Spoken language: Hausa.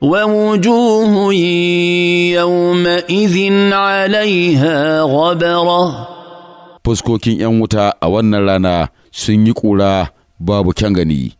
ووجوه يومئذ عليها غبرة fuskokin ‘yan wuta a wannan rana sun yi ƙura babu kyan gani.